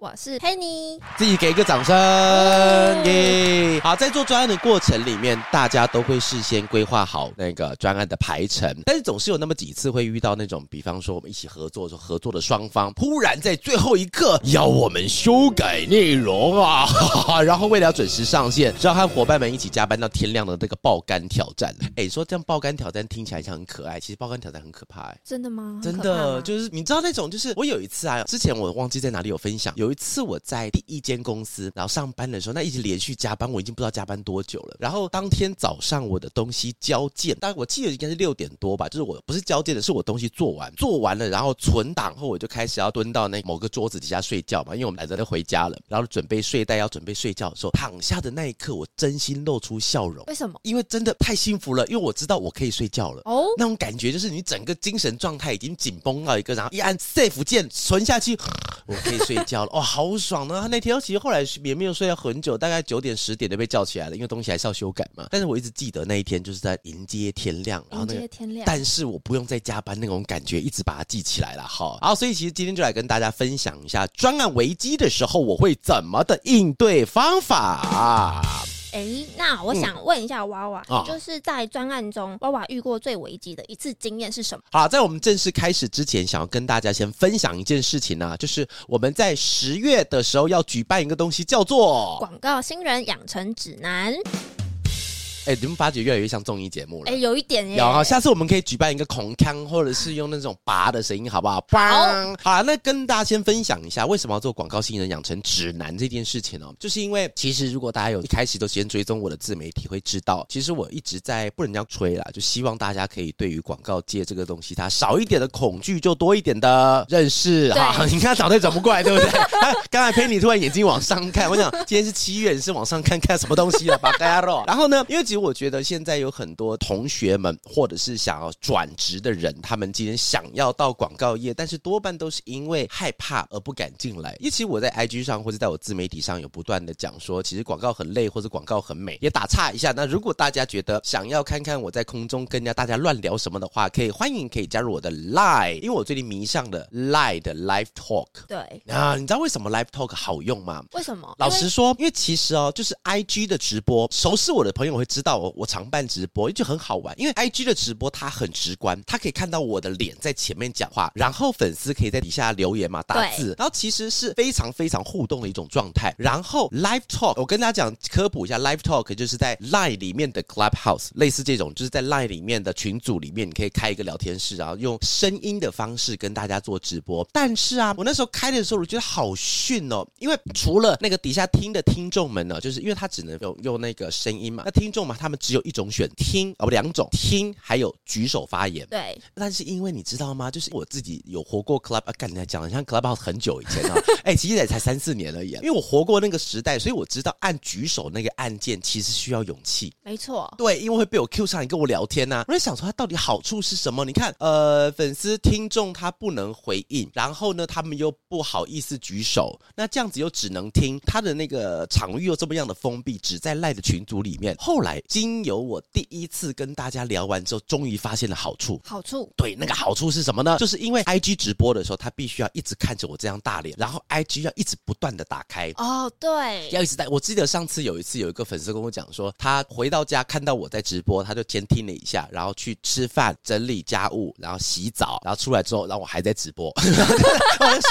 我是 Henny，自己給一個掌聲。Yeah! 好，在做專案的過程裡面，大家都會事先規劃好那個專案的排程，但是總是有那麼幾次會遇到那種，比方說我們一起合作，合作的雙方突然在最後一刻要我們修改內容啊哈哈，然後為了要準時上線，要和夥伴們一起加班到天亮的那個爆肝挑戰。哎，說這樣爆肝挑戰聽起來像很可愛，其實爆肝挑戰很可怕欸。哎，真的嗎？真的，就是你知道那種，就是我有一次啊，之前我忘記在哪裡有分享有。有一次我在第一間公司，然後上班的時候，那一直連續加班，我已經不知道加班多久了。然後當天早上我的東西交件，但我記得應該是六點多吧，就是我不是交件的，是我東西做完，做完了然後存檔後，我就開始要蹲到那某個桌子底下睡覺嘛，因為我們懶得再回家了，然後準備睡袋要準備睡覺的時候，躺下的那一刻，我真心露出笑容。為什麼？因為真的太幸福了，因為我知道我可以睡覺了。哦，那種感覺就是你整個精神狀態已經緊繃到一個，然後一按 save 鍵存下去，我可以睡覺了。 哇，好爽呢、啊！他那天其實後來也沒有睡很久，大概九點十點就被叫起來了，因為東西還是要修改嘛。但是我一直記得那一天就是在迎接天亮，然後那個、迎接天亮。但是我不用再加班那種感覺，一直把它記起來了哈。好，所以其實今天就來跟大家分享一下專案危機的時候我會怎麼的應對方法。誒、欸、那我想問一下娃娃，嗯啊、就是在專案中，娃娃遇過最危急的一次經驗是什麼？好，在我們正式開始之前，想要跟大家先分享一件事情呢、啊，就是我們在十月的時候要舉辦一個東西，叫做《廣告新人養成指南》。哎，你們發覺越來越像綜藝節目了。哎，有一點耶。有啊，下次我們可以舉辦一個孔腔，或者是用那種拔的聲音，好不好？哦、好。好，那跟大家先分享一下為什麼要做廣告新人養成指南這件事情哦，就是因為其實如果大家有一開始都先追蹤我的自媒體，會知道其實我一直在不能這樣吹啦，就希望大家可以對於廣告界這個東西，它少一點的恐懼，就多一點的認識哈對，你看找也找不過來，對不對？ 剛才佩妮突然眼睛往上看，我想今天是七月，你是往上看看什麼東西了吧？大家然後呢，因為幾。我覺得現在有很多同學們，或者是想要轉職的人，他們今天想要到廣告業，但是多半都是因為害怕而不敢進來。尤其我在 IG 上，或者在我自媒體上有不斷的講說，其實廣告很累，或者廣告很美。也打岔一下，那如果大家覺得想要看看我在空中跟人家大家亂聊什麼的話，可以歡迎可以加入我的 Line，因為我最近迷上了 Line 的 Live Talk。對啊，你知道為什麼 Live Talk 好用嗎？為什麼？老實說，因為其實哦，就是 IG 的直播，熟悉我的朋友會知道。到我常辦直播，就很好玩，因為 I G 的直播它很直觀，他可以看到我的臉在前面講話，然後粉絲可以在底下留言嘛，打字，對然後其實是非常非常互動的一種狀態。然後 Live Talk，我跟大家講科普一下，Live Talk 就是在 Line 裡面的 Clubhouse，類似這種，就是在 Line 裡面的群組裡面，你可以開一個聊天室，然後用聲音的方式跟大家做直播。但是啊，我那時候開的時候，我覺得好遜哦，因為除了那個底下聽的聽眾們呢，就是因為他只能用用那個聲音嘛，那聽眾嘛。他們只有一種選聽哦，不兩種聽，還有舉手發言。對，但是因為你知道嗎？就是我自己有活過 club 啊，剛才講的像 Clubhouse 很久以前啊，哎、 欸，其實也才三四年而已，因為我活過那個時代，所以我知道按舉手那個按鍵其實需要勇氣。沒錯，對，因為會被我 Q 上來跟我聊天吶、啊，我就想說，它到底好處是什麼？你看，呃，粉絲聽眾他不能回應，然後呢，他們又不好意思舉手，那這樣子又只能聽他的那個場域又這麼樣的封閉，只在賴的群組裡面。後來。經由我第一次跟大家聊完之後，終於發現了好處。好處對，那個好處是什麼呢？就是因為 IG 直播的時候，他必須要一直看着我這張大臉，然後 IG 要一直不斷的打開。哦，oh, 對，要一直在。我記得上次有一次，有一個粉絲跟我講說，他回到家看到我在直播，他就先聽了一下，然後去吃飯、整理家務，然後洗澡，然後出來之後，然後我還在直播，我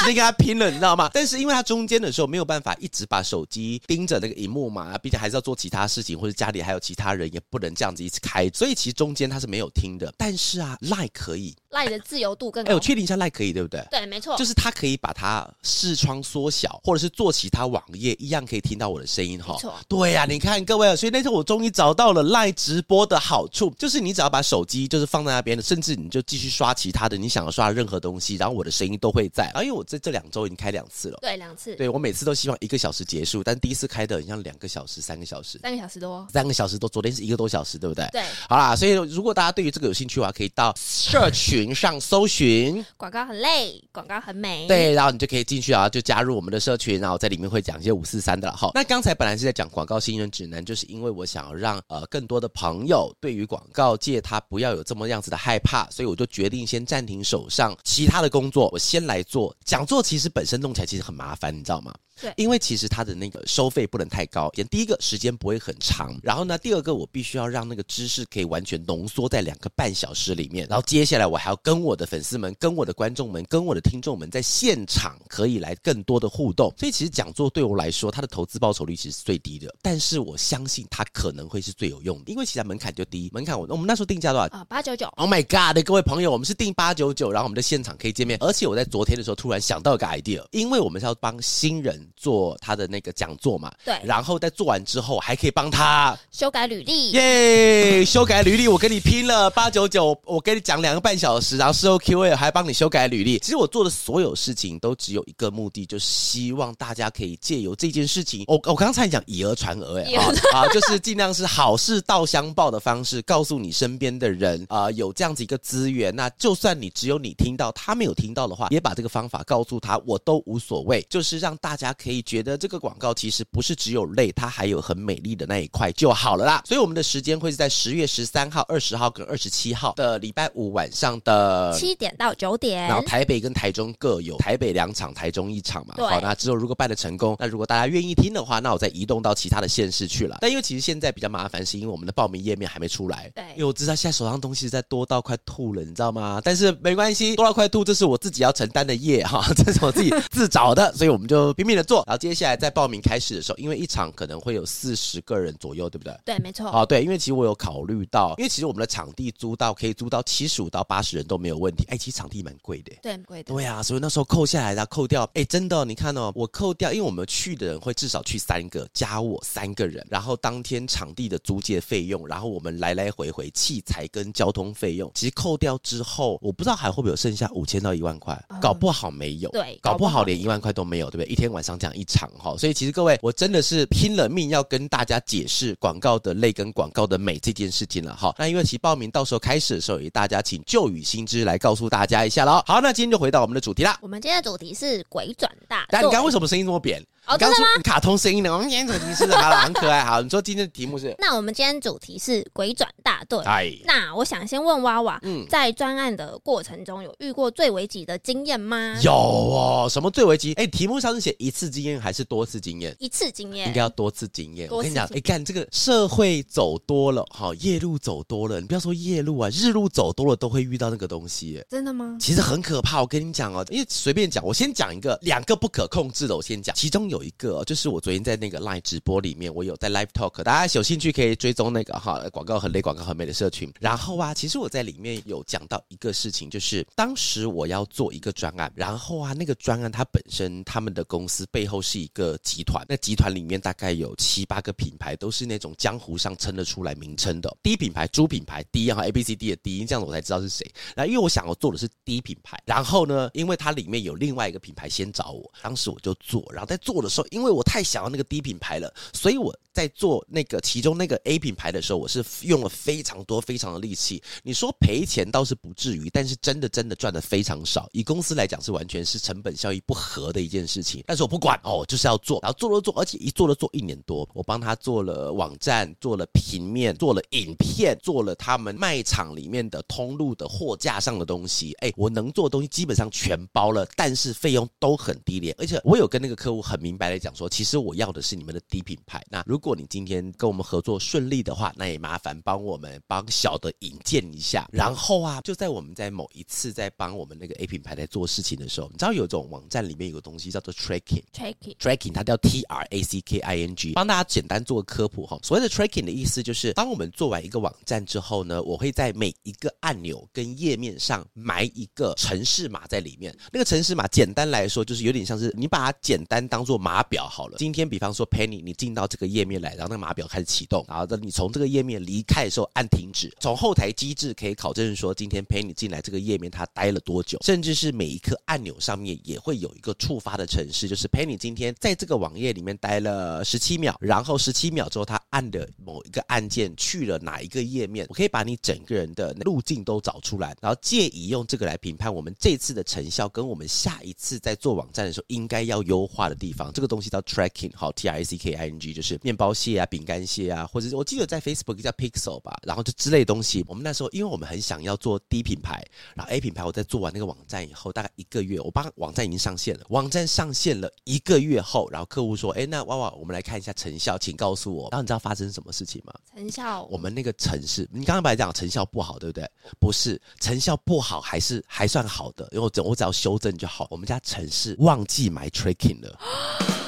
時間跟他拼了，你知道嗎？但是因為他中間的時候沒有辦法一直把手機盯着那個熒幕嘛，畢竟還是要做其他事情，或者家裡還有其他人也不能這樣子一直開，所以其實中間他是沒有聽的。但是啊，Line 可以。Line 的自由度更高。哎、欸，我確定一下，Line 可以對不對？對，沒錯，就是它可以把它視窗縮小，或者是做其他網頁一樣，可以聽到我的聲音哈。沒錯。對呀、啊，你看各位，所以那時候我終於找到了 Line 直播的好處，就是你只要把手機就是放在那邊的，甚至你就繼續刷其他的，你想要刷的任何東西，然後我的聲音都會在。啊，因為我這這兩周已經開兩次了。對，兩次。對，我每次都希望一個小時結束，但第一次開的很像兩個小時、三個小時。三個小時多。三個小時多，昨天是一個多小時，對不對？對。好啦，所以如果大家對於這個有興趣的話，可以到社群。上搜尋廣告很累，廣告很美，對，然後你就可以進去啊，就加入我們的社群，然後在裡面會講一些五四三的了哈，哦。那剛才本來是在講廣告新人指南，就是因為我想要讓呃更多的朋友對於廣告界他不要有這麼樣子的害怕，所以我就決定先暫停手上其他的工作，我先來做講座。其實本身弄起來其實很麻煩，你知道嗎？對，因為其實他的那個收費不能太高，第一個時間不會很長，然後呢，第二個我必須要讓那個知識可以完全濃縮在兩個半小時裡面，然後接下來我還。還要跟我的粉絲們、跟我的觀眾們、跟我的聽眾們在現場可以來更多的互動，所以其實講座對我來說，它的投資報酬率其實是最低的，但是我相信它可能會是最有用的，因為其實門檻就低，門檻我我們那時候定價多少啊？八九九。Oh my god，各位朋友，我們是定八九九，然後我們在現場可以見面，而且我在昨天的時候突然想到一個 idea，因為我們是要幫新人做他的那個講座嘛，對，然後在做完之後還可以幫他修改履歷，耶，yeah, 修改履歷，我跟你拼了八九九，99, 我跟你講兩個半小時。然後事後 Q A 還幫你修改履歷。其實我做的所有事情都只有一個目的，就是希望大家可以借由這件事情，我、哦、我剛才講以訛傳訛哎啊，就是盡量是好事到相報的方式，告訴你身邊的人啊、呃，有這樣子一個資源。那就算你只有你聽到，他沒有聽到的話，也把這個方法告訴他，我都無所謂。就是讓大家可以覺得這個廣告其實不是只有累，它還有很美麗的那一塊就好了啦。所以我們的時間會是在十月十三號、二十號跟二十七號的禮拜五晚上。的、呃、七點到九點，然後台北跟台中各有台北兩場，台中一場嘛。對好，那之後如果辦得成功，那如果大家願意聽的話，那我再移動到其他的縣市去了。但因為其實現在比較麻煩，是因為我們的報名頁面還沒出來。對，因為我知道現在手上東西在多到快吐了，你知道嗎？但是沒關係，多到快吐，這是我自己要承擔的業哈、啊，這是我自己自找的， 所以我們就拼命的做。然後接下來在報名開始的時候，因為一場可能會有四十個人左右，對不對？對，沒錯。哦，對，因為其實我有考慮到，因為其實我們的場地租到可以租到七十五到八十。人都沒有問題，哎，其實場地蠻貴的，對，貴的，對啊，所以那時候扣下來的，然後扣掉，哎，真的、哦，你看哦，我扣掉，因為我們去的人會至少去三個，加我三個人，然後當天場地的租借費用，然後我們來來回回器材跟交通費用，其實扣掉之後，我不知道還會不會有剩下五千到一萬塊，嗯、搞不好沒有，對，搞不好連一萬塊都沒有，對不對？一天晚上這樣一場哈、哦，所以其實各位，我真的是拼了命要跟大家解釋廣告的累跟廣告的美這件事情了哈、哦。那因為其實報名到時候開始的時候，也大家請就與。新知來告訴大家一下嘍。好，那今天就回到我們的主題啦。我們今天的主題是《鬼轉大》，但你剛剛為什麼聲音這麼扁？哦，剛剛說卡通聲音的，我們今天主題是好了，蠻可愛，好。你說今天的題目是？ 那我們今天主題是《鬼轉大隊》。哎，那我想先問娃娃，嗯，在專案的過程中有遇過最危急的經驗嗎？有哦，什麼最危急？哎，題目上是寫一次經驗還是多次經驗？一次經驗應該要多次經驗。經驗我跟你講，哎，幹這個社會走多了，好、哦、夜路走多了，你不要說夜路啊，日路走多了都會遇到那個東西。真的嗎？其實很可怕，我跟你講哦，因為隨便講，我先講一個，兩個不可控制的，我先講，其中有。有一個，就是我昨天在那個 Line 直播裡面，我有在 Live Talk，大家有興趣可以追蹤那個哈，廣告很累，廣告很美的社群。然後啊，其實我在裡面有講到一個事情，就是當時我要做一個專案，然後啊，那個專案它本身他們的公司背後是一個集團，那集團裡面大概有七八個品牌，都是那種江湖上稱得出來名稱的。D 品牌、豬品牌、D，然後 A B C D 的 D，這樣子我才知道是誰。那因為我想要做的是 D 品牌，然後呢，因為它裡面有另外一個品牌先找我，當時我就做，然後在做了。說，因為我太想要那個低品牌了，所以我。在做那個其中那個 A 品牌的時候，我是用了非常多非常的力氣，你說賠錢倒是不至於，但是真的真的賺得非常少。以公司來講，是完全是成本效益不合的一件事情。但是我不管哦，就是要做，然後做了做，而且一做了做一年多，我幫他做了網站，做了平面，做了影片，做了他們賣場裡面的通路的貨架上的東西。哎，我能做的東西基本上全包了，但是費用都很低廉。而且我有跟那個客戶很明白的講說，其實我要的是你們的低品牌。那如果如果你今天跟我們合作順利的話，那也麻煩幫我們幫小的引薦一下。然後啊，就在我們在某一次在幫我們那個 A 品牌在做事情的時候，你知道有一種網站裡面有個東西叫做 tracking，tracking，tracking，它叫 T R A C K I N G。幫大家簡單做個科普哈，所謂的 tracking 的意思就是，當我們做完一個網站之後呢，我會在每一個按鈕跟頁面上埋一個程式碼在裡面。那個程式碼簡單來說就是有點像是你把它簡單當做碼表好了。今天比方說 Penny，你進到這個頁面。來，然後那個碼表開始啟動，然後你從這個頁面離開的時候按停止。從後台機制可以考證說，今天陪你進來這個頁面，他待了多久？甚至是每一顆按鈕上面也會有一個觸發的程式，就是陪你今天在這個網頁裡面待了十七秒，然後十七秒之後他按的某一個按鍵去了哪一個頁面，我可以把你整個人的路徑都找出來，然後借以用這個來評判我們這次的成效，跟我們下一次在做網站的時候應該要優化的地方。這個東西叫 tracking，好，t-r-a-c-k-i-n-g，就是面包。包蟹啊，餅乾蟹啊，或者是我記得在 Facebook 叫 Pixel 吧，然後就之類東西。我們那時候，因為我們很想要做 D 品牌，然後 A 品牌，我在做完那個網站以後，大概一個月，我幫網站已經上線了。網站上線了一個月後，然後客戶說：“哎，那娃娃，我們來看一下成效，請告訴我。”然後你知道發生什麼事情嗎？成效，我們那個城市，你剛剛本來講成效不好，對不對？不是，成效不好還是還算好的，因為我只要修正就好。我們家城市忘記買 tracking 了。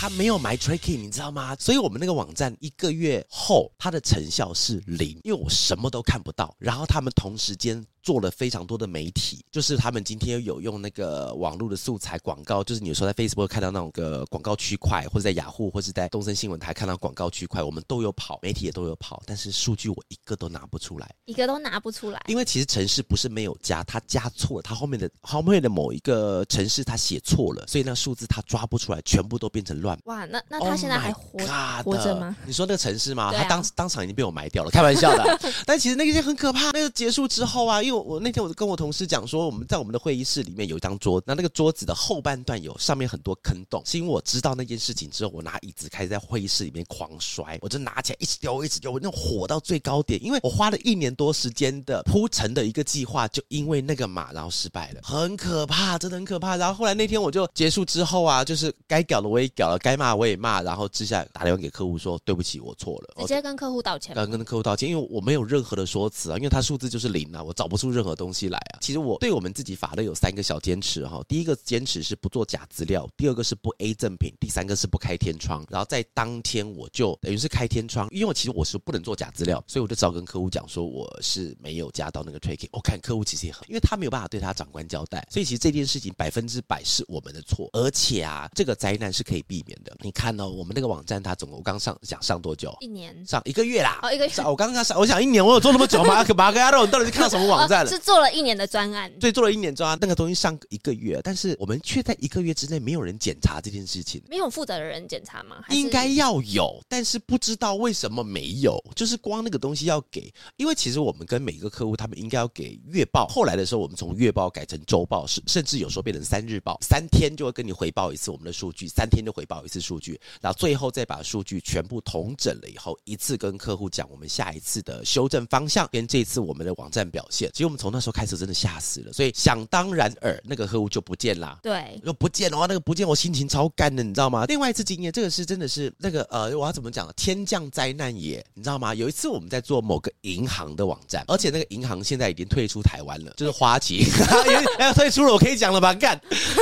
他沒有買 tracking，你知道嗎？所以，我們那個網站一個月後，它的成效是零，因為我什麼都看不到。然後，他們同時間做了非常多的媒體，就是他們今天有用那個網絡的素材廣告，就是你說在 Facebook 看到那種個廣告區塊，或者在雅虎，或是在東森新聞台看到廣告區塊，我們都有跑，媒體也都有跑，但是數據我一個都拿不出來，一個都拿不出來。因為其實程式不是沒有加，他加錯了，他後面的後面的某一個程式他寫錯了，所以那數字他抓不出來，全部都變成漏。哇，那那他現在還活、oh、活着嗎？你說那個城市嗎？啊、他當當場已經被我埋掉了，開玩笑的。 但其實那件事很可怕。那個結束之後啊，因為我，我那天我就跟我同事講說，我們在我們的會議室裡面有一張桌子，那那個桌子的後半段有上面很多坑洞，是因為我知道那件事情之後，我拿椅子開始在會議室裡面狂摔，我就拿起來一直丟，一直丟，一直丟，我那種火到最高點，因為我花了一年多時間的鋪陳的一個計劃，就因為那個嘛，然後失敗了，很可怕，真的很可怕。然後後來那天我就結束之後啊，就是該搞的我也搞了。該罵我也罵，然後接下來打電話給客戶說，對不起，我錯了，直接跟客戶道歉，剛跟客戶道歉，因為我沒有任何的說辭啊，因為他數字就是零啊，我找不出任何東西來啊。其實我對我們自己法律有三個小堅持哈、啊，第一個堅持是不做假資料，第二個是不 A 正品，第三個是不開天窗。然後在當天我就等於是開天窗，因為我其實我是不能做假資料，所以我就只好跟客戶講說，我是沒有加到那個 tracking。我、哦、看客戶其實也很，因為他沒有辦法對他長官交代，所以其實這件事情百分之百是我們的錯，而且啊，這個災難是可以避免的，你看哦，我們那個網站它總共我剛上，想上多久？一年，上一個月啦，哦，一個月。我剛剛上，我想一年，我有做那麼久嗎？ 馬哥亞諾，你到底是看到什麼網站了？哦，是做了一年的專案，對，做了一年專案，那個東西上一個月，但是我們卻在一個月之內沒有人檢查這件事情，沒有負責的人檢查嗎？應該要有，但是不知道為什麼沒有，就是光那個東西要給，因為其實我們跟每一個客戶，他們應該要給月報，後來的時候我們從月報改成周報，是，甚至有時候變成三日報，三天就會跟你回報一次我們的數據，三天就回報。搞一次數據，然後最後再把數據全部統整了以後，一次跟客戶講我們下一次的修正方向跟這次我們的網站表現。其實我們從那時候開始真的嚇死了，所以想當然耳，那個客戶就不見啦。對，就不見話、哦，那個不見，我心情超幹的，你知道嗎？另外一次經驗，這個是真的是那個呃，我要怎麼講？天降災難也，你知道嗎？有一次我們在做某個銀行的網站，而且那個銀行現在已經退出台灣了，就是花旗。哎， 退出了我可以講了吧？幹。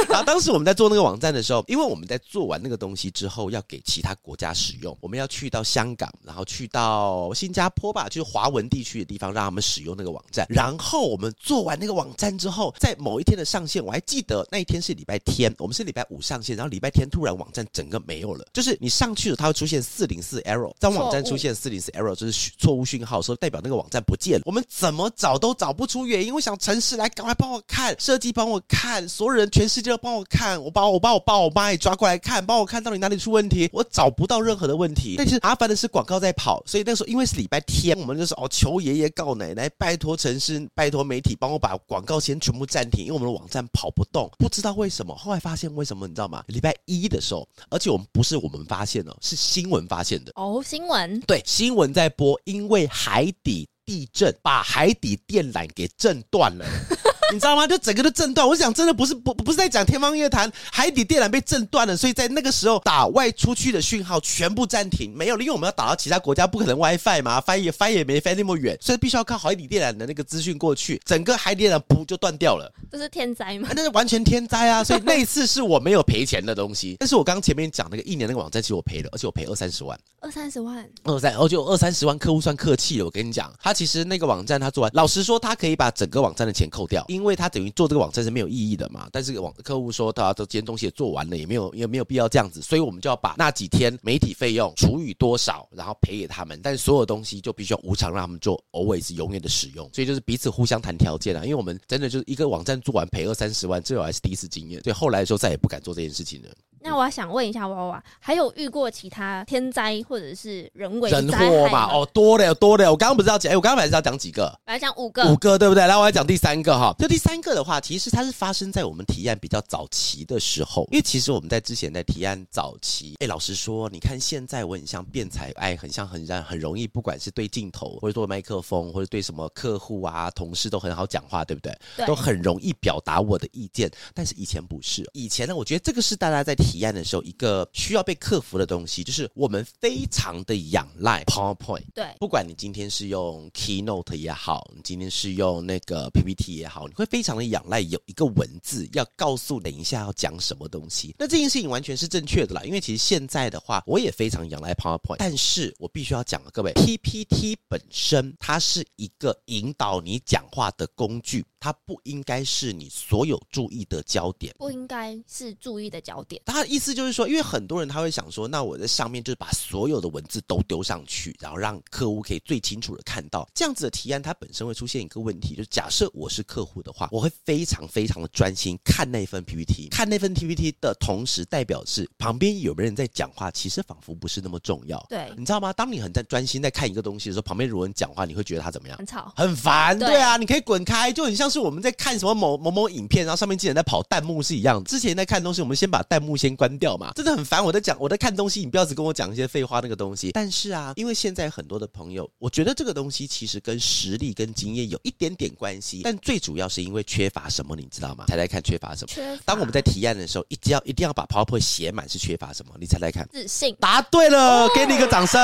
然後當時我們在做那個網站的時候，因為我們在做完那個東。東西之後要給其他國家使用，我們要去到香港，然後去到新加坡吧，就是華文地區的地方，讓他們使用那個網站。然後我們做完那個網站之後，在某一天的上線，我還記得那一天是禮拜天，我們是禮拜五上線，然後禮拜天突然網站整個沒有了，就是你上去了，它會出現404 error，當網站出現404 error 就是錯誤訊號，說代表那個網站不見了。我們怎麼找都找不出原因，我想城市來，趕快幫我看，設計幫我看，所有人全世界都幫我看，我把我把我把我，我，我，我爸我媽也抓過來看，幫我看。看到你哪裡出問題，我找不到任何的問題。但是麻煩的是廣告在跑，所以那時候因為是禮拜天，我們就是哦求爺爺告奶奶，拜託城市，拜託媒體幫我把廣告先全部暫停，因為我們的網站跑不動，不知道為什麼。後來發現為什麼，你知道嗎？禮拜一的時候，而且我們不是我們發現哦，是新聞發現的哦。Oh, 新聞對，新聞在播，因為海底地震把海底電纜給震斷了。 你知道嗎？就整個都震斷。我想，真的不是不不是在講天方夜譚，海底電纜被震斷了，所以在那個時候打外出去的訊號全部暫停，沒有，因為我們要打到其他國家，不可能 WiFi 嘛，翻也翻也沒,翻那,翻,也沒翻那麼遠，所以必須要靠海底電纜的那個資訊過去。整個海底電纜不就斷掉了？這是天災嗎？啊、那是完全天災啊！所以那一次是我沒有賠錢的東西， 但是我剛前面講那個一年那個網站其實我賠了，而且我賠二三十萬。二三十萬，二三，而、哦、且二三十萬客戶算客氣了。我跟你講，他其實那個網站他做完，老實說，他可以把整個網站的錢扣掉。因為他等於做這個網站是沒有意義的嘛，但是網客戶說，他，都這件東西也做完了，也沒有，也沒有必要這樣子，所以我們就要把那幾天媒體費用除以多少，然後賠給他們，但是所有東西就必須要無償讓他們做，always 是永遠的使用，所以就是彼此互相談條件了，啊，因為我們真的就是一個網站做完賠二三十萬，這我還是第一次經驗，所以後來的時候再也不敢做這件事情了。那我要想問一下娃娃，還有遇過其他天災、或者是人為嗎，人禍嘛？哦，多了多了，我剛剛不知道講，哎、欸，我剛剛本來是要講幾個，本來講五個，五個對不對？來，我來講第三個哈。這第三個的話，其實它是發生在我們提案比較早期的時候，因為其實我們在之前在提案早期，哎、欸，老實說，你看現在我很像辯才，哎、欸，很像很像很容易，不管是對鏡頭，或者做麥克風，或者對什麼客戶啊、同事都很好講話，對不對？對都很容易表達我的意見。但是以前不是，以前呢，我覺得這個是大家在。提案的時候，一個需要被克服的東西，就是我們非常的仰賴 PowerPoint。對，不管你今天是用 Keynote 也好，你今天是用那個 PPT 也好，你會非常的仰賴有一個文字要告訴等一下要講什麼東西。那這件事情完全是正確的啦，因為其實現在的話，我也非常仰賴 PowerPoint，但是我必須要講的各位，PPT 本身它是一個引導你講話的工具。它不應該是你所有注意的焦點，不應該是注意的焦點。他的意思就是說，因為很多人他會想說，那我在上面就是把所有的文字都丟上去，然後讓客戶可以最清楚的看到。這樣子的提案，它本身會出現一個問題，就是假設我是客戶的話，我會非常非常的專心看那份 PPT，看那份 PPT 的同時，代表是旁邊有沒有人在講話，其實仿佛不是那麼重要。對，你知道嗎？當你很在專心在看一個東西的時候，旁邊有人講話，你會覺得他怎麼樣？很吵，很煩。嗯、對，對啊，你可以滾開，就很像是。就是我們在看什麼某某某影片，然後上面竟然在跑彈幕是一樣的。之前在看東西，我們先把彈幕先關掉嘛，真的很煩。我在講，我在看東西，你不要只跟我講一些廢話那個東西。但是啊，因為現在很多的朋友，我覺得這個東西其實跟實力跟經驗有一點點關係，但最主要是因為缺乏什麼，你知道嗎？才來看缺乏什麼？乏當我們在提案的時候，一定要一定要把 PowerPoint 寫滿，是缺乏什麼？你才來看自信。答對了，哦、給你一個掌聲。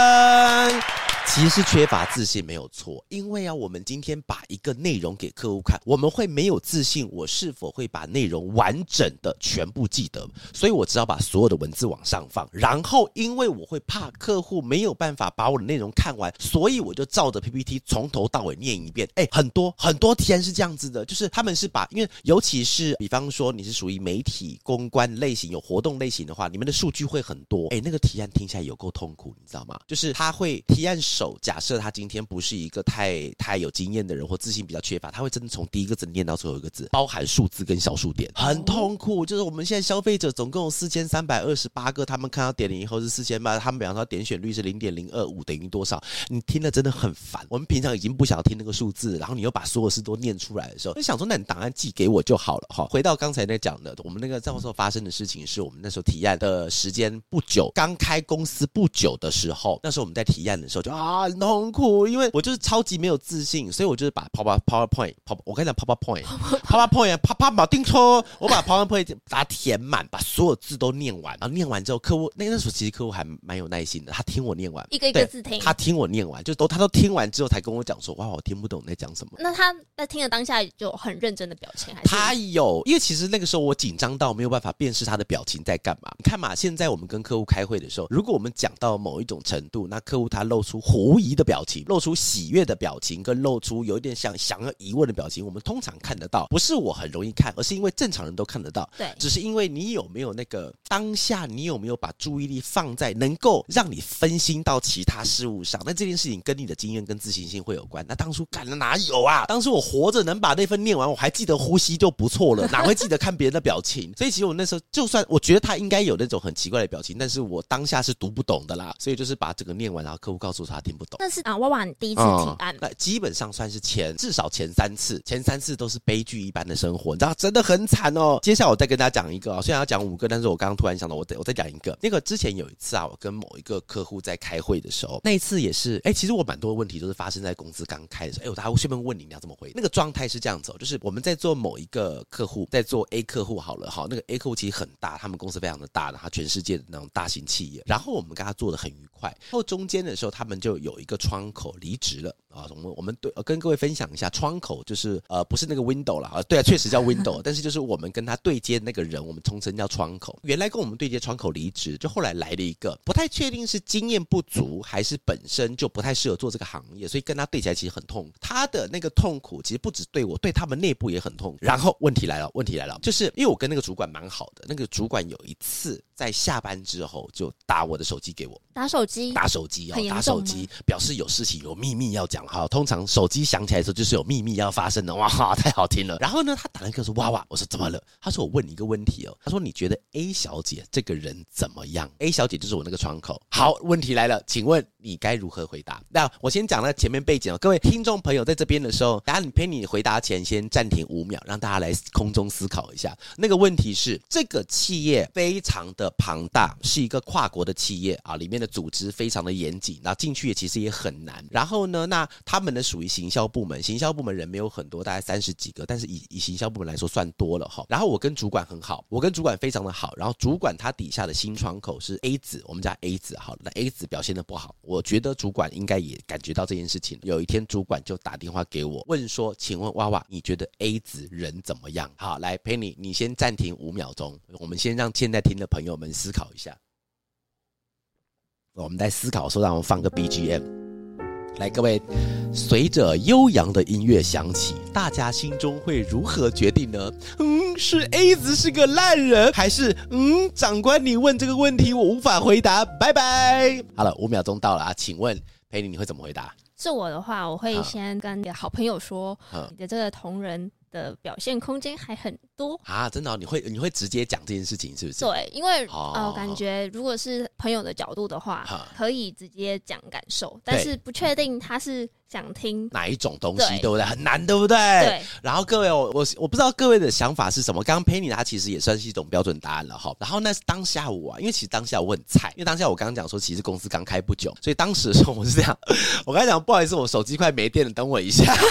其實缺乏自信沒有錯，因為啊，我們今天把一個內容給客戶看，我們會沒有自信，我是否會把內容完整的全部記得？所以，我只好把所有的文字往上放。然後，因為我會怕客戶沒有辦法把我的內容看完，所以我就照着 PPT 從頭到尾念一遍。誒，很多很多提案是這樣子的，就是他們是把，因為尤其是比方說你是屬於媒體公關類型，有活動類型的話，你們的數據會很多。誒，那個提案聽起來有夠痛苦，你知道嗎？就是他會提案假設他今天不是一個太太有經驗的人，或自信比較缺乏，他會真的從第一個字念到最後一個字，包含數字跟小數點，很痛苦。就是我們現在消費者總共有四千三百二十八個，他們看到點了以後是四千八，他們比方說點選率是零點零二五等於多少？你聽得真的很煩。我們平常已經不想聽那個數字，然後你又把所有事都念出來的時候，你想說那你檔案寄給我就好了哈、哦。回到剛才在講的，我們那個在那時候發生的事情，是我們那時候提案的時間不久，剛開公司不久的時候，那時候我們在提案的時候就啊，很痛苦，因為我就是超級沒有自信，所以我就是把 Power Point, Power Point，我跟你講 Power Point，Power Point，Power 啪啪把定錯，我把 Power Point 把 它填滿，把所有字都念完，然後念完之後，客戶那個時候其實客戶還蠻有耐心的，他聽我念完一個一個字聽，他聽我念完，就都他都聽完之後才跟我講說，哇，哇我聽不懂你在講什麼。那他在聽的當下就很認真的表情，還是？他有，因為其實那個時候我緊張到沒有辦法辨識他的表情在幹嘛。你看嘛，現在我們跟客戶開會的時候，如果我們講到某一種程度，那客戶他露出。狐疑的表情，露出喜悅的表情，跟露出有一點像想要疑問的表情，我們通常看得到，不是我很容易看，而是因為正常人都看得到。對，只是因為你有沒有那個當下，你有沒有把注意力放在能夠讓你分心到其他事物上？那這件事情跟你的經驗跟自信心會有關。那當初幹了哪有啊？當初我活着能把那份念完，我還記得呼吸就不錯了，哪會記得看別人的表情？ 所以其實我那時候，就算我覺得他應該有那種很奇怪的表情，但是我當下是讀不懂的啦。所以就是把這個念完，然後客戶告訴他。聽不懂，但是啊，Wawa 第一次提案，嗯，那基本上算是前，至少前三次，前三次都是悲劇一般的生活，你知道真的很慘哦。接下來我再跟大家講一個啊、哦，雖然要講五個，但是我剛剛突然想到我得，我我再講一個。那個之前有一次啊，我跟某一個客戶在開會的時候，那一次也是，哎、欸，其實我蠻多的問題都是發生在公司剛開的時候。哎、欸，我等下會順便問你你要怎麼回。那個狀態是這樣子，哦，就是我們在做某一個客戶，在做 A 客戶好了哈、哦，那個 A 客戶其實很大，他們公司非常的大的，他全世界的那種大型企業。然後我們跟他做得很愉快，然後中間的時候他們就。有一個窗口離職了啊！我們我們對、啊、跟各位分享一下，窗口就是呃，不是那個 window 了啊。對啊，確實叫 window，但是就是我們跟他對接那個人，我們俗稱叫窗口。原來跟我們對接窗口離職，就後來來了一個，不太確定是經驗不足，還是本身就不太適合做這個行業，所以跟他對起來其實很痛。他的那個痛苦其實不止對我，對他們內部也很痛。然後問題來了，問題來了，就是因為我跟那個主管蠻好的，那個主管有一次在下班之後就打我的手機給我，打手機、哦，打手機啊、哦，打手機。表示有事情、有祕密要講哈，通常手機響起來的時候就是有祕密要發生的哇哈，太好聽了。然後呢，他打了一個是哇哇，我說怎麼了？他說我問你一個問題哦，他說你覺得 A 小姐這個人怎麼樣？A 小姐就是我那個窗口。好，問題來了，請問你該如何回答？那我先講了前面背景哦，各位聽眾朋友在這邊的時候，等下你陪你回答前先暫停五秒，讓大家來空中思考一下。那個問題是，這個企業非常的龐大，是一個跨國的企業啊，裡面的組織非常的嚴謹，那進去。其實也很難。然後呢，那他們的屬於行銷部門，行銷部門人沒有很多，大概三十幾個，但是以以行銷部門來說算多了哈。然後我跟主管很好，我跟主管非常的好。然後主管他底下的新窗口是 A 子，我們家 A 子好，那 A 子表現得不好，我覺得主管應該也感覺到這件事情。有一天，主管就打電話給我，問說：“請問娃娃，你覺得 A 子人怎麼樣？”好，來陪你，你先暫停五秒鐘，我們先讓現在聽的朋友們思考一下。我們在思考，說，讓我們放個 BGM 來，各位隨着悠揚的音樂響起，大家心中會如何決定呢？嗯，是 A 子是個爛人，還是嗯，長官你問這個問題，我無法回答，拜拜。好了，五秒鐘到了啊，請問陪你你會怎麼回答？是我的話，我會先跟你的好朋友說，嗯、你的這個同仁。的表現空間還很多啊！真的、哦，你會你會直接講這件事情是不是？對，因為、哦、呃，感覺如果是朋友的角度的話，哦、可以直接講感受，嗯、但是不確定他是想聽哪一種東西，對，對不對？很難，對不對？對。然後各位，我我我不知道各位的想法是什麼？剛剛 Penny 他其實也算是一種標準答案了哈。然後那是當下我、啊，因為其實當下我很菜，因為當下我剛剛講說，其實公司剛開不久，所以當時的時候我是這樣，我剛才講，不好意思，我手機快沒電了，等我一下。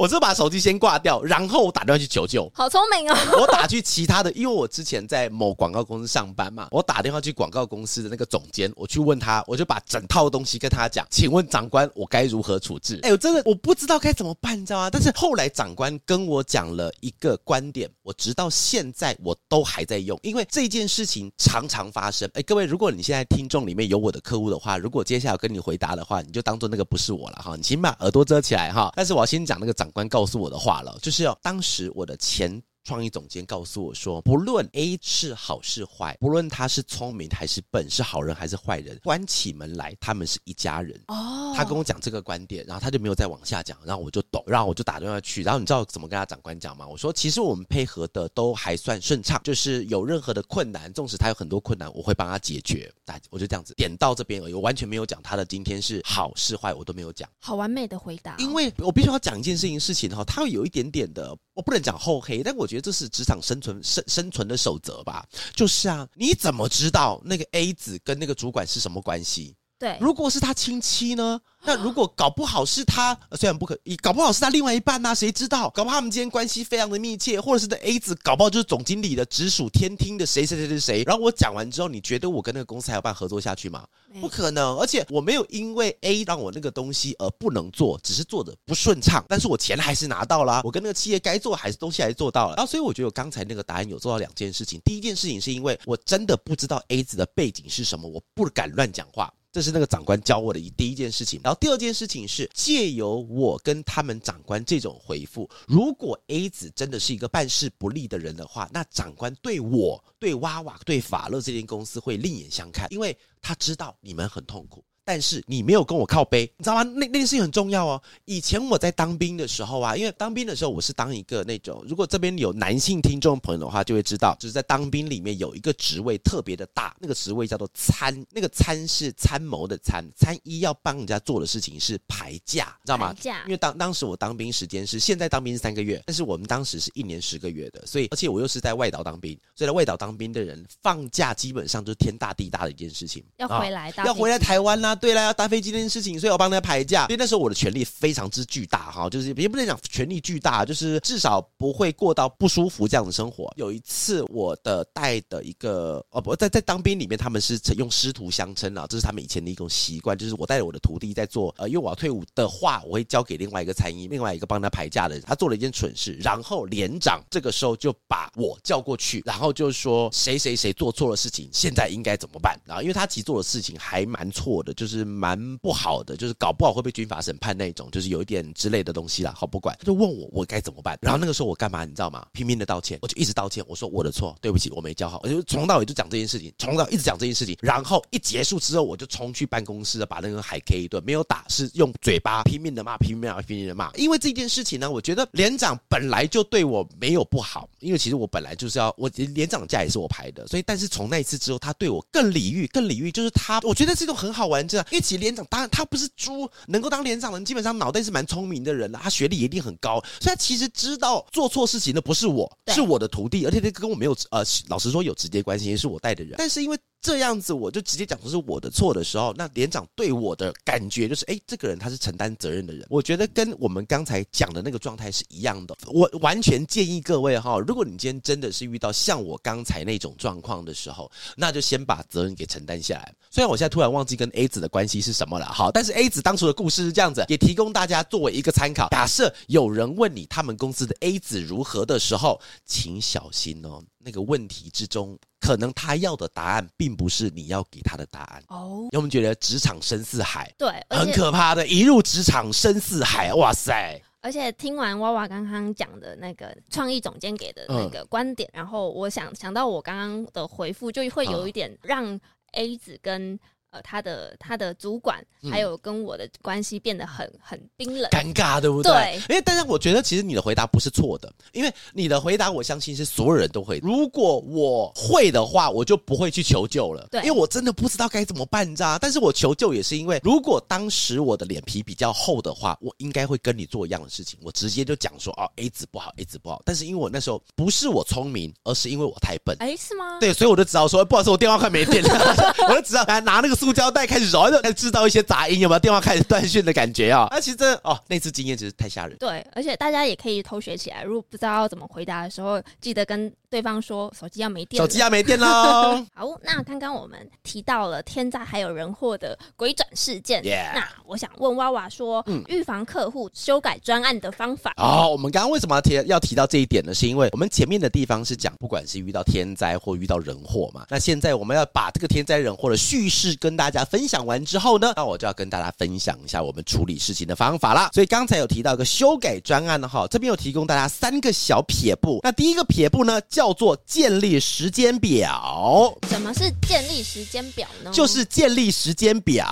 我就把手機先掛掉，然後我打電話去求救。好聰明哦！ 我打去其他的，因為我之前在某廣告公司上班嘛，我打電話去廣告公司的那個總監，我去問他，我就把整套東西跟他講。請問長官，我該如何處置？哎呦，我真的我不知道該怎麼辦，你知道嗎？但是後來長官跟我講了一個觀點。直到現在，我都還在用，因為這件事情常常發生。哎，各位，如果你現在聽眾裡面有我的客戶的話，如果接下來跟你回答的話，你就當做那個不是我了哈。你先把耳朵遮起來哈。但是我要先講那個長官告訴我的話了，就是要、哦、當時我的錢。創意總監告訴我說：“不論 A 是好是壞，不論他是聰明還是笨，是好人還是壞人，關起門來他們是一家人。”哦，他跟我講這個觀點，然後他就沒有再往下講，然後我就懂，然後我就打電話去，然後你知道怎麼跟他長官講嗎？我說：“其實我們配合的都還算順暢，就是有任何的困難，縱使他有很多困難，我會幫他解決。”大我就這樣子點到這邊而已，我完全沒有講他的今天是好是壞，我都沒有講。好完美的回答，因為我必須要講一件事情事情哈，他會有，有一點點的。我不能講厚黑，但我覺得這是職場生存、生生存的守則吧。就是啊，你怎麼知道那個 A 子跟那個主管是什麼關係？對，如果是他親戚呢？那如果搞不好是他，啊、雖然不可以，搞不好是他另外一半吶、啊，誰知道？搞不好他們之間關係非常的密切，或者是的 A 子，搞不好就是總經理的直屬天聽的誰誰誰誰誰。然後我講完之後，你覺得我跟那個公司還有辦法合作下去嗎？不可能。而且我沒有因為 A 讓我那個東西而不能做，只是做的不順暢，但是我錢還是拿到了、啊，我跟那個企業該做還是東西還是做到了。然、啊、後所以我覺得我剛才那個答案有做到兩件事情。第一件事情是因為我真的不知道 A 子的背景是什麼，我不敢亂講話。這是那個長官教我的第一件事情，然後第二件事情是借由我跟他們長官這種回覆如果 A 子真的是一個辦事不力的人的話，那長官對我、對娃娃、對法樂這間公司會另眼相看，因為他知道你們很痛苦。但是你沒有跟我靠背，你知道嗎？那那件事情很重要哦。以前我在當兵的時候啊，因為當兵的時候我是當一個那種，如果這邊有男性聽眾朋友的話，就會知道，就是在當兵裡面有一個職位特別的大，那個職位叫做參，那個參是參謀的參，參一要幫人家做的事情是排假，排假，知道嗎？因為當當時我當兵時間是現在當兵是三個月，但是我們當時是一年十個月的，所以而且我又是在外島當兵，所以在外島當兵的人放假基本上就是天大地大的一件事情，要回來、啊，要回來台灣呢、啊。對啦，要搭飛機這件事情，所以我幫他排假，因為那時候我的權力非常之巨大，哈，就是也不能講權力巨大，就是至少不會過到不舒服這樣的生活。有一次，我的帶的一個哦，不，在，在當兵裡面，他們是用師徒相稱啊，這是他們以前的一種習慣。就是我帶着我的徒弟在做，呃，因為我要退伍的話，我會交給另外一個參議，另外一個幫他排假的人。他做了一件蠢事，然後連長這個時候就把我叫過去，然後就說誰誰誰做錯了事情，現在應該怎麼辦？然後因為他其實做的事情還蠻錯的。就是蠻不好的，就是搞不好會被軍法審判那種，就是有一點之類的東西啦。好不管，他就問我我該怎麼辦。然後那個時候我幹嘛？你知道嗎？拼命的道歉，我就一直道歉。我說我的錯，對不起，我沒教好。我就從頭到尾就講這件事情，從頭到尾一直講這件事情。然後一結束之後，我就衝去辦公室把那個海 K 一頓，沒有打，是用嘴巴拼命的罵，拼命的罵，拼命的罵。因為這件事情呢，我覺得連長本來就對我沒有不好，因為其實我本來就是要我連長的假也是我排的，所以但是從那一次之後，他對我更禮遇，更禮遇，就是他我覺得這種很好玩。是啊，一起連長，當然他不是豬，能夠當連長的人基本上腦袋是蠻聰明的人啦，他學歷一定很高，所以他其實知道做錯事情的不是我，對是我的徒弟，而且他跟我沒有呃，老實說有直接關係，也是我帶的人，但是因為。這樣子，我就直接講出是我的錯的時候，那連長對我的感覺就是，哎、欸，這個人他是承擔責任的人。我覺得跟我們剛才講的那個狀態是一樣的。我完全建議各位哈，如果你今天真的是遇到像我剛才那種狀況的時候，那就先把責任給承擔下來。雖然我現在突然忘記跟 A 子的關係是什麼了哈，但是 A 子當初的故事是這樣子，也提供大家作為一個參考。假設有人問你他們公司的 A 子如何的時候，請小心哦、喔，那個問題之中。可能他要的答案，並不是你要給他的答案哦。Oh、我們覺得職場深似海，對，很可怕的，一入職場深似海，哇塞！而且聽完娃娃剛剛講的那個創意總監給的那個觀點，嗯、然後我想想到我剛剛的回復，就會有一點讓 A 子跟、嗯。呃，他的他的主管、嗯、還有跟我的關係變得很很冰冷，尷尬對不對？對。因為、欸、但是我覺得其實你的回答不是錯的，因為你的回答我相信是所有人都會。如果我會的話，我就不會去求救了。對。因為我真的不知道該怎麼辦、啊，知道但是我求救也是因為，如果當時我的臉皮比較厚的話，我應該會跟你做一樣的事情，我直接就講說：“哦，A 子不好，A 子不好。不好”但是因為我那時候不是我聰明，而是因為我太笨。哎、欸，是嗎？對，所以我就只好說：“不好意思，我電話快沒電了。” 我就只好來、啊、拿那個。塑膠袋開始揉，就開始製造一些雜音，有沒有電話開始斷訊的感覺、哦、啊？那其實哦，那次經驗真是太嚇人。對，而且大家也可以偷學起來，如果不知道怎麼回答的時候，記得跟。對方說：“手機要沒電。”手機要沒電嘍。 好，那剛剛我們提到了天災還有人禍的鬼轉事件。Yeah. 那我想問娃娃說：“預防客戶修改專案的方法？”哦，我們剛剛為什麼要提要提到這一點呢？是因為我們前面的地方是講，不管是遇到天災或遇到人禍嘛。那現在我們要把這個天災人禍的敘事跟大家分享完之後呢，那我就要跟大家分享一下我們處理事情的方法啦。所以剛才有提到一個修改專案的、哦、哈，這邊有提供大家三個小撇步。那第一個撇步呢？叫做建立時間表，怎麼是建立時間表呢？就是建立時間表。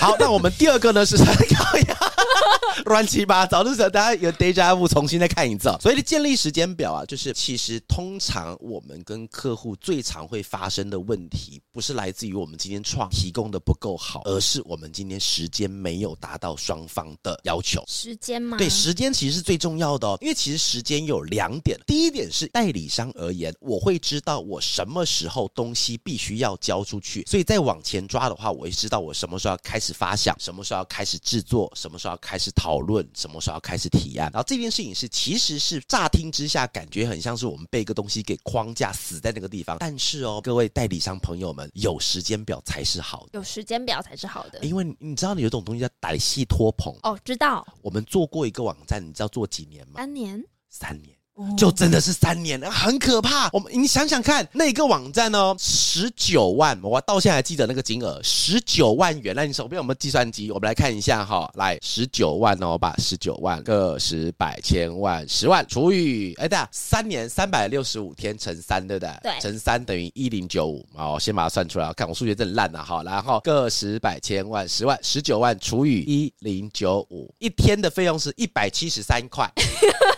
好， 那我們第二個呢是？ 亂七八糟，都是大家有 day job、ja、重新再看一次，所以建立時間表啊，就是其實通常我們跟客戶最常會發生的問題，不是來自於我們今天創提供的不夠好，而是我們今天時間沒有達到雙方的要求。時間嗎？對，時間其實是最重要的哦，因為其實時間有兩點，第一點是代理商而言，我會知道我什麼時候東西必須要交出去，所以再往前抓的話，我會知道我什麼時候要開始發想，什麼時候要開始製作，什麼時候。要開始討論，什麼時候要開始提案，然後這件事情是其實是乍聽之下感覺很像是我們被一個東西給框架死在那個地方，但是哦，各位代理商朋友們，有時間表才是好，有時間表才是好的，因為你知道，你有種東西叫歹戲拖棚哦，知道。我們做過一個網站，你知道做幾年嗎？三年，三年。就真的是三年了，很可怕。我們你想想看，那個網站哦，十九萬，我到現在還記得那個金額十九萬元。那你手邊有沒有計算機？我們來看一下哈、哦，來十九萬哦吧，把十九萬個十百千萬十萬除以哎，對啊，三年三百六十五天乘三，對不對？對乘三等於一零九五。好，我先把它算出來，看我數學真的爛了、啊、哈。然後個十百千萬十萬十九萬除以一零九五，一天的費用是一百七十三塊。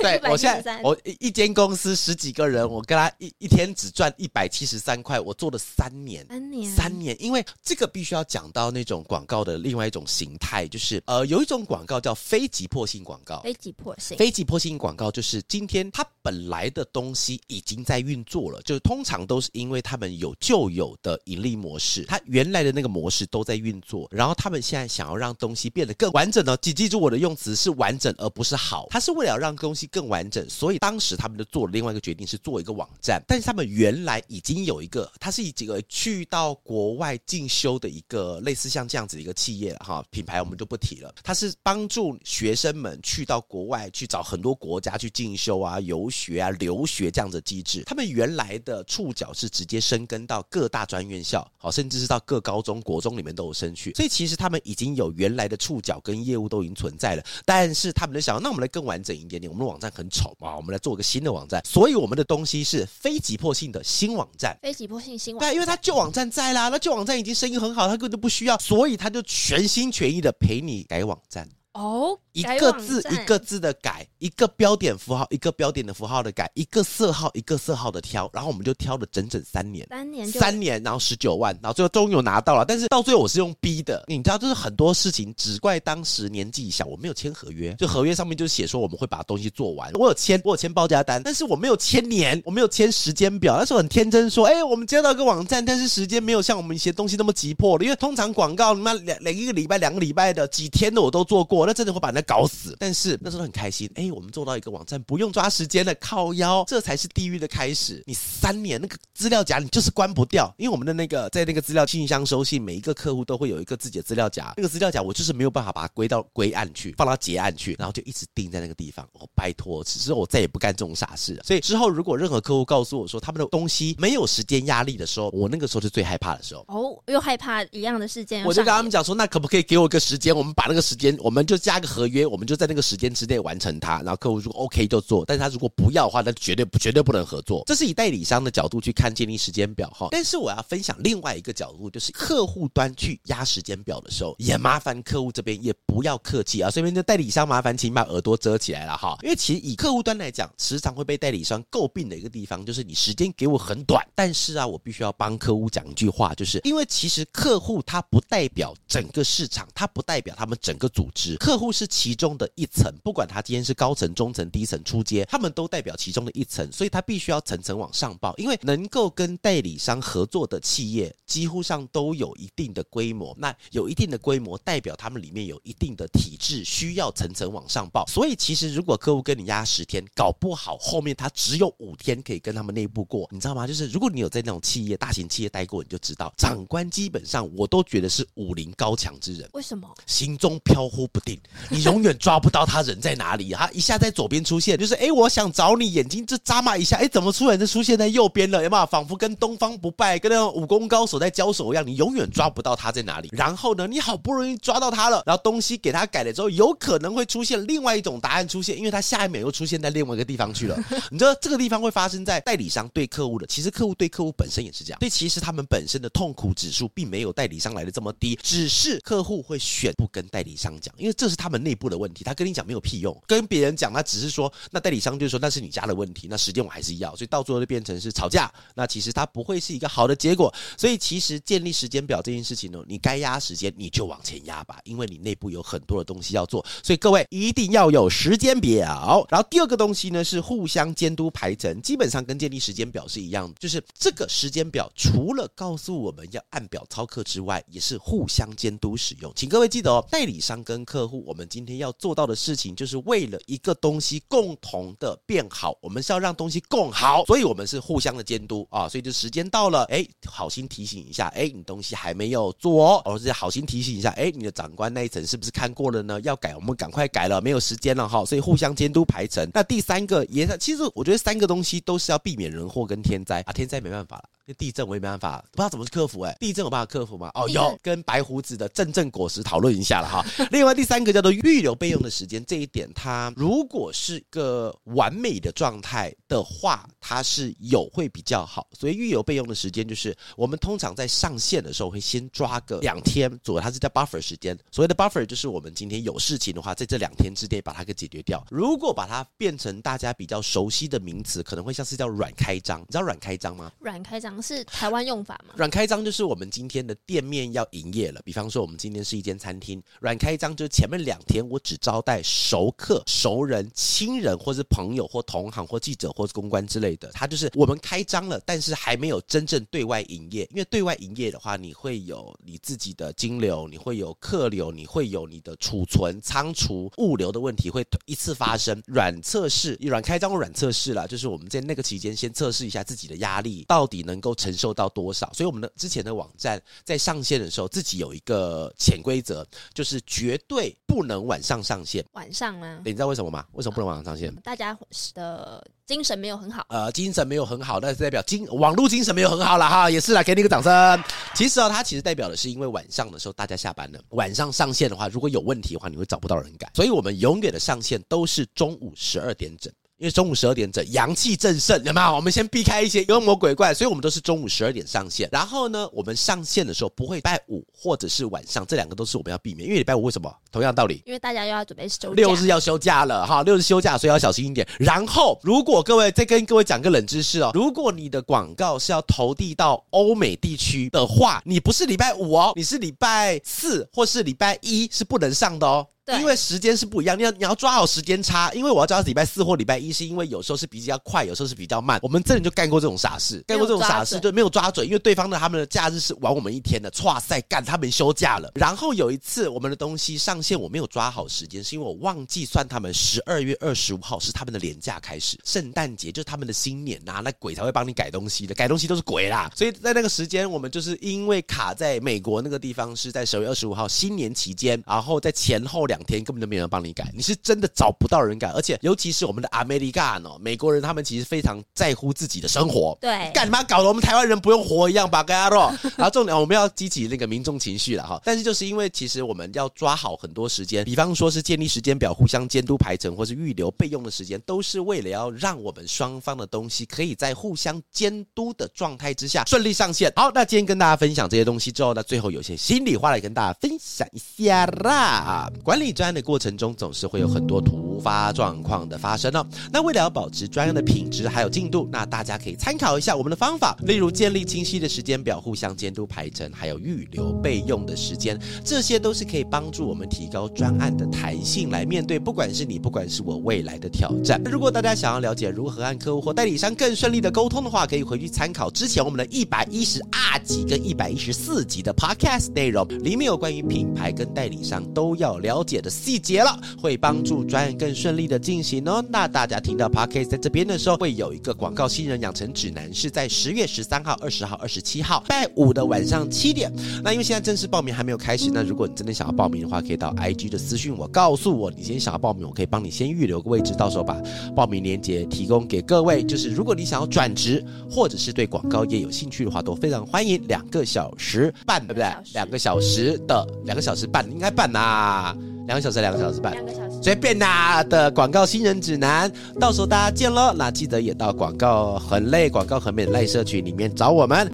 對, 對我現在我。一一間公司十幾個人，我跟他一一天只賺一百七十三塊，我做了三年，三年，三年，因為這個必須要講到那種廣告的另外一種形態，就是呃，有一種廣告叫非急迫性廣告，非急迫性，非急迫性廣告就是今天他。本來的東西已經在運作了，就是通常都是因為他們有舊有的盈利模式，他原來的那個模式都在運作，然後他們現在想要讓東西變得更完整呢，請記住我的用詞是完整，而不是好，他是為了讓東西更完整，所以當時他們就做了另外一個決定，是做一個網站。但是他們原來已經有一個，他是以幾個去到國外進修的一個類似像這樣子一個企業哈，品牌我們就不提了，他是幫助學生們去到國外去找很多國家去進修啊，遊學。學啊，留學這樣的機制，他們原來的觸角是直接生根到各大專院校，好，甚至是到各高中國中裡面都有生去，所以其實他們已經有原來的觸角跟業務都已經存在了，但是他們就想，那我們來更完整一點點，我們的網站很醜啊，我們來做個新的網站，所以我們的東西是非急迫性的新網站，非急迫性新網站，對，因為他舊網站在啦，那舊網站已經生意很好，他根本就不需要，所以他就全心全意的陪你改網站哦。Oh? 一個字一個字的改，一個標點符號一個標點的符號的改，一個色號一個色號的挑，然後我們就挑了整整三年，三年、三年，然後十九萬，然後最後終於有拿到了。但是到最後我是用逼的，你知道，就是很多事情只怪當時年紀小，我沒有簽合約，就合約上面就是寫說我們會把東西做完。我有簽，我有簽報價單，但是我沒有簽年，我沒有簽時間表。那時候很天真說，說、欸、哎，我們接到一個網站，但是時間沒有像我們一些東西那麼急迫，因為通常廣告那兩，兩一個禮拜、兩個禮拜的、幾天的我都做過，那真的會把那個。搞死！但是那時候很開心，哎、欸，我們做到一個網站不用抓時間的靠腰，這才是地獄的開始。你三年那個資料夾你就是關不掉，因為我們的那個在那個資料信箱收信，每一個客戶都會有一個自己的資料夾，那個資料夾我就是沒有辦法把它歸到歸案去，放到結案去，然後就一直釘在那個地方。哦，拜托，只是我再也不幹這種傻事了。所以之後如果任何客戶告訴我說他們的東西沒有時間壓力的時候，我那個時候是最害怕的時候。哦，又害怕一樣的事件，我就跟他們講說，那可不可以給我個時間，我們把那個時間，我們就加個合約。因為我們就在那個時間之內完成它，然後客戶如果 OK 就做，但是他如果不要的話，那就絕對絕對不能合作。這是以代理商的角度去看建立時間表哈。但是我要分享另外一個角度，就是客戶端去壓時間表的時候，也麻煩客戶這邊也不要客氣啊。所以這邊的代理商麻煩，請把耳朵遮起來了哈。因為其實以客戶端來講，時常會被代理商詬病的一個地方，就是你時間給我很短，但是啊，我必須要幫客戶講一句話，就是因為其實客戶他不代表整個市場，他不代表他們整個組織，客戶是。其中的一層，不管他今天是高層、中層、低層、初階，他們都代表其中的一層，所以他必須要層層往上報。因為能夠跟代理商合作的企業，幾乎上都有一定的規模。那有一定的規模，代表他們裡面有一定的體制，需要層層往上報。所以其實如果客戶跟你壓十天，搞不好後面他只有五天可以跟他們內部過，你知道嗎？就是如果你有在那種企業、大型企業待過，你就知道，長官基本上我都覺得是武林高強之人。為什麼？行蹤飄忽不定。 永遠抓不到他人在哪裡，啊，他一下在左邊出現，就是哎、欸，我想找你，眼睛這眨嘛，一下，哎、欸，怎麼突然就出現在右邊了？有沒有？仿佛跟東方不敗跟那種武功高手在交手一樣，你永遠抓不到他在哪裡。然後呢，你好不容易抓到他了，然後東西給他改了之後，有可能會出現另外一種答案出現，因為他下一秒又出現在另外一個地方去了。 你知道這個地方會發生在代理商對客戶的，其實客戶對客戶本身也是這樣，對，其實他們本身的痛苦指數並沒有代理商來的這麼低，只是客戶會選不跟代理商講，因為這是他們內。部的問題，他跟你講沒有屁用，跟別人講他只是說，那代理商就是說那是你家的問題，那時間我還是要，所以到最後就變成是吵架。那其實它不會是一個好的結果，所以其實建立時間表這件事情呢，你該壓時間你就往前壓吧，因為你內部有很多的東西要做，所以各位一定要有時間表。然後第二個東西呢是互相監督排程，基本上跟建立時間表是一樣的，就是這個時間表除了告訴我們要按表操課之外，也是互相監督使用。請各位記得哦，代理商跟客戶，我們今天今天要做到的事情，就是為了一個東西共同的變好。我們是要讓東西共好，所以我們是互相的監督啊。所以就時間到了，哎，好心提醒一下，哎，你東西還沒有做哦。或、哦、是好心提醒一下，哎，你的長官那一層是不是看過了呢？要改，我們趕快改了，沒有時間了哈、哦。所以互相監督排程。那第三個也，其實我覺得三個東西都是要避免人禍跟天災啊。天災沒辦法了。地震我也沒辦法，不知道怎麼去克服哎、欸。地震有辦法克服嗎？哦，震有跟白鬍子的陣陣果實討論一下了哈。 另外第三個叫做預留備用的時間，這一點它如果是一個完美的狀態的話，它是有會比較好。所以預留備用的時間就是我們通常在上線的時候會先抓個兩天左右，主要它是叫 buffer 時間。所謂的 buffer 就是我們今天有事情的話，在這兩天之內把它給解決掉。如果把它變成大家比較熟悉的名詞，可能會像是叫軟開張，你知道軟開張嗎？軟開張。是台灣用法嗎？軟開張就是我們今天的店面要營業了。比方說，我們今天是一間餐廳，軟開張就是前面兩天我只招待熟客、熟人、親人，或是朋友、或同行、或記者、或是公關之類的。它就是我們開張了，但是還沒有真正對外營業。因為對外營業的話，你會有你自己的金流，你會有客流，你會有你的儲存、倉儲、物流的問題會一次發生。軟測試、軟開張、軟測試啦，就是我們在那個期間先測試一下自己的壓力到底能。都承受到多少？所以我們的之前的網站在上線的時候，自己有一個潛規則，就是絕對不能晚上上線。晚上嗎、啊？對，你知道為什麼嗎？為什麼不能晚上上線、呃？大家的精神沒有很好。呃，精神沒有很好，那代表精網絡精神沒有很好了哈，也是啦，給你一個掌聲。其實啊、哦，它其實代表的是，因為晚上的時候大家下班了，晚上上線的話，如果有問題的話，你會找不到人改。所以我們永遠的上線都是中午十二點整。因為中午十二點整，陽氣正盛，有沒有？我們先避開一些妖魔鬼怪，所以我們都是中午十二點上線。然後呢，我們上線的時候不會拜五或者是晚上，這兩個都是我們要避免。因為禮拜五為什麼？同樣道理，因為大家又要準備休假，六日要休假了哈，六日休假，所以要小心一點。然後，如果各位再跟各位講個冷知識哦，如果你的廣告是要投遞到歐美地區的話，你不是禮拜五哦，你是禮拜四或是禮拜一是不能上的哦。對因為時間是不一樣，你要你要抓好時間差。因為我要抓到禮拜四或禮拜一，是因為有時候是比較快，有時候是比較慢。我們真的就幹過這種傻事，幹過這種傻事，就沒有抓準。對因為對方的他們的假日是晚我們一天的，哇塞，幹他們休假了。然後有一次我們的東西上線，我沒有抓好時間，是因為我忘記算他們十二月二十五號是他們的年假開始，聖誕節就是他們的新年啊，那鬼才會幫你改東西的，改東西都是鬼啦。所以在那個時間，我們就是因為卡在美國那個地方是在十二月二十五號新年期間，然後在前後兩。兩天根本就沒有人幫你改，你是真的找不到人改，而且尤其是我們的阿美利加諾美國人，他們其實非常在乎自己的生活。對，幹嘛搞得我們台灣人不用活一樣吧？ 然後重點我們要激起那個民眾情緒了哈。但是就是因為其實我們要抓好很多時間，比方說是建立時間表、互相監督排程，或是預留備用的時間，都是為了要讓我們雙方的東西可以在互相監督的狀態之下順利上線。好，那今天跟大家分享這些東西之後呢，那最後有些心裡話來跟大家分享一下啦，管理。內鑽的過程中，總是會有很多圖，突發狀況的發生呢、哦？那為了要保持專案的品質還有進度，那大家可以參考一下我們的方法，例如建立清晰的時間表、互相監督排程，還有預留備用的時間，這些都是可以幫助我們提高專案的彈性，來面對不管是你，不管是我未來的挑戰。如果大家想要了解如何按客戶或代理商更順利的溝通的話，可以回去參考之前我們的一百一十二集跟一百一十四集的 Podcast 內容，裡面有關於品牌跟代理商都要了解的細節了，會幫助專案跟。更順利的進行哦。那大家聽到 Podcast 在這邊的時候，會有一個廣告新人養成指南，是在十月十三號、二十號、二十七號拜五的晚上七點。那因為現在正式報名還沒有開始，那如果你真的想要報名的話，可以到 IG 的私訊我，告訴我你今天想要報名，我可以幫你先預留個位置，到時候把報名鏈接提供給各位。就是如果你想要轉職，或者是對廣告業有興趣的話，都非常歡迎。兩個小時半，時對不對？兩個,個小時的，兩個小時半應該辦啊，應該辦啦。兩,兩,兩個小時，兩個小時半，隨便啦的廣告新人指南，到時候大家見嘍！那記得也到廣告很累，廣告很美，的賴社群裡面找我們。